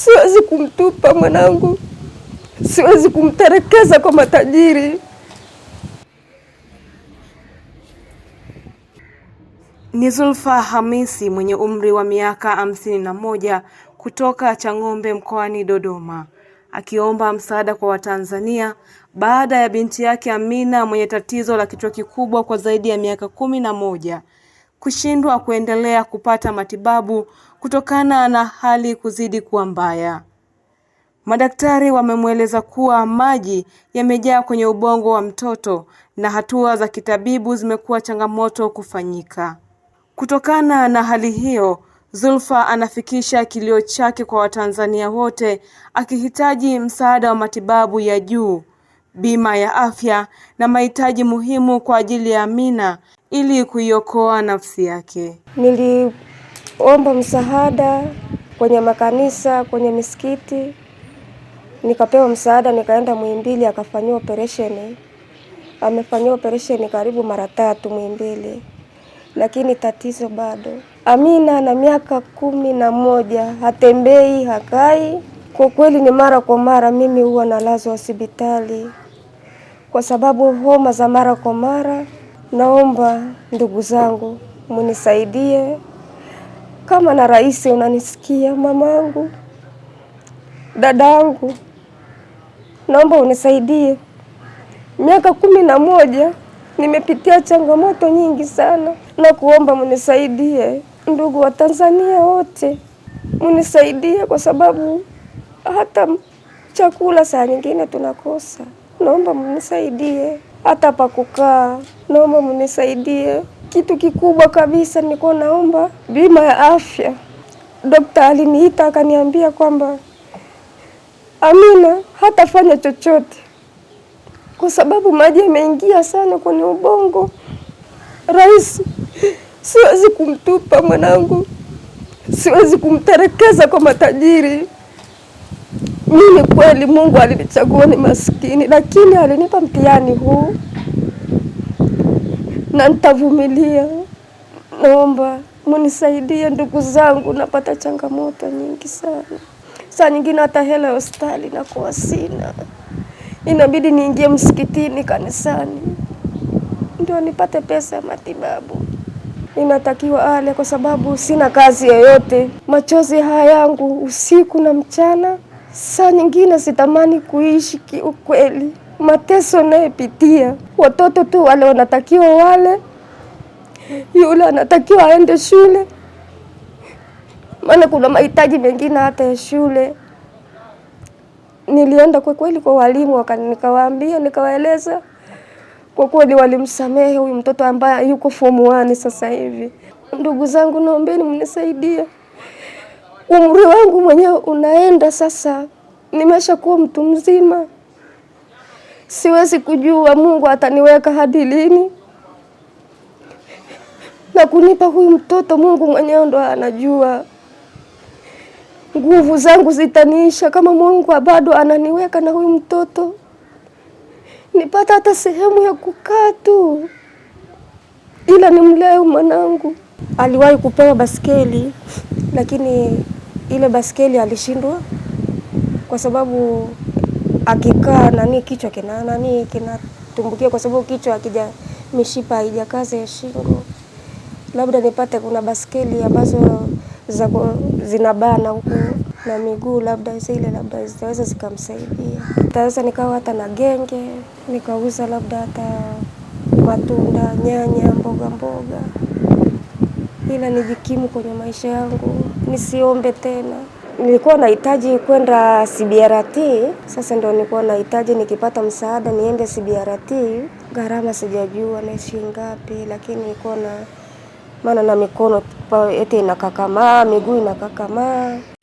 siwezi kumtupa mwanangu, siwezi kumterekeza kwa matajiri. Ni Zulfa Hamisi mwenye umri wa miaka hamsini na moja kutoka Chang'ombe mkoani Dodoma akiomba msaada kwa Watanzania baada ya binti yake Amina mwenye tatizo la kichwa kikubwa kwa zaidi ya miaka kumi na moja kushindwa kuendelea kupata matibabu kutokana na hali kuzidi kuwa mbaya. Madaktari wamemweleza kuwa maji yamejaa kwenye ubongo wa mtoto na hatua za kitabibu zimekuwa changamoto kufanyika. Kutokana na hali hiyo, Zulfa anafikisha kilio chake kwa Watanzania wote akihitaji msaada wa matibabu ya juu bima ya afya na mahitaji muhimu kwa ajili ya Amina ili kuiokoa nafsi yake. Niliomba msaada kwenye makanisa, kwenye misikiti, nikapewa msaada, nikaenda Muhimbili, akafanyiwa operesheni. Amefanyiwa operesheni karibu mara tatu Muhimbili, lakini tatizo bado. Amina ana miaka kumi na moja, hatembei, hakai. Kwa kweli ni mara kwa mara mimi huwa nalazwa hospitali kwa sababu homa za mara kwa mara. Naomba ndugu zangu munisaidie, kama na rais unanisikia, mamangu, dadangu, naomba unisaidie. Miaka kumi na moja nimepitia changamoto nyingi sana, na kuomba munisaidie, ndugu wa Tanzania wote munisaidie, kwa sababu hata chakula saa nyingine tunakosa naomba mnisaidie hata pa kukaa, naomba mnisaidie. Kitu kikubwa kabisa nilikuwa naomba bima ya afya. Dokta aliniita akaniambia kwamba Amina hatafanya chochote kwa sababu maji yameingia sana kwenye ubongo. Rais, siwezi kumtupa mwanangu, siwezi kumterekeza kwa matajiri. Mimi kweli Mungu alinichagua ni maskini, lakini alinipa mtihani huu na nitavumilia. Naomba munisaidie ndugu zangu, napata changamoto nyingi sana. Saa nyingine hata hela ya hospitali nakuwa sina, inabidi niingie msikitini, kanisani ndio nipate pesa ya matibabu inatakiwa ale, kwa sababu sina kazi yoyote. Machozi haya yangu usiku na mchana Saa nyingine sitamani kuishi kiukweli, mateso nayepitia. Watoto tu wale wanatakiwa wale, yule anatakiwa aende shule, maana kuna mahitaji mengine hata ya shule. Nilienda kwa kweli kwa walimu, nikawaambia, nikawaeleza kwa kweli, walimsamehe huyu mtoto ambaye yuko form 1 sasa hivi. Ndugu zangu, naombeni mnisaidie umri wangu mwenyewe unaenda sasa, nimeshakuwa mtu mzima, siwezi kujua Mungu ataniweka hadi lini na kunipa huyu mtoto. Mungu mwenyewe ndo anajua. Nguvu zangu zitaniisha kama Mungu bado ananiweka na huyu mtoto, nipata hata sehemu ya kukaa tu, ila nimlee mwanangu. Aliwahi kupewa baskeli lakini ile baskeli alishindwa kwa sababu akikaa nani kichwa kina nani kinatumbukia, kwa sababu kichwa akija mishipa haijakaza ya shingo. Labda nipate kuna baskeli ambazo zinabana huku na miguu, labda zile labda zitaweza zikamsaidia. Taweza nikawa hata na genge, nikauza labda hata matunda, nyanya, mboga mboga ila nijikimu kwenye maisha yangu, nisiombe tena. Nilikuwa nahitaji kwenda CBRT, sasa ndio nilikuwa nahitaji nikipata msaada niende CBRT. Gharama sijajua na shilingi ngapi, lakini nilikuwa na maana na mikono eti inakakamaa, miguu inakakamaa.